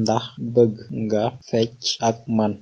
Ndax bëgg nga fecc ak man?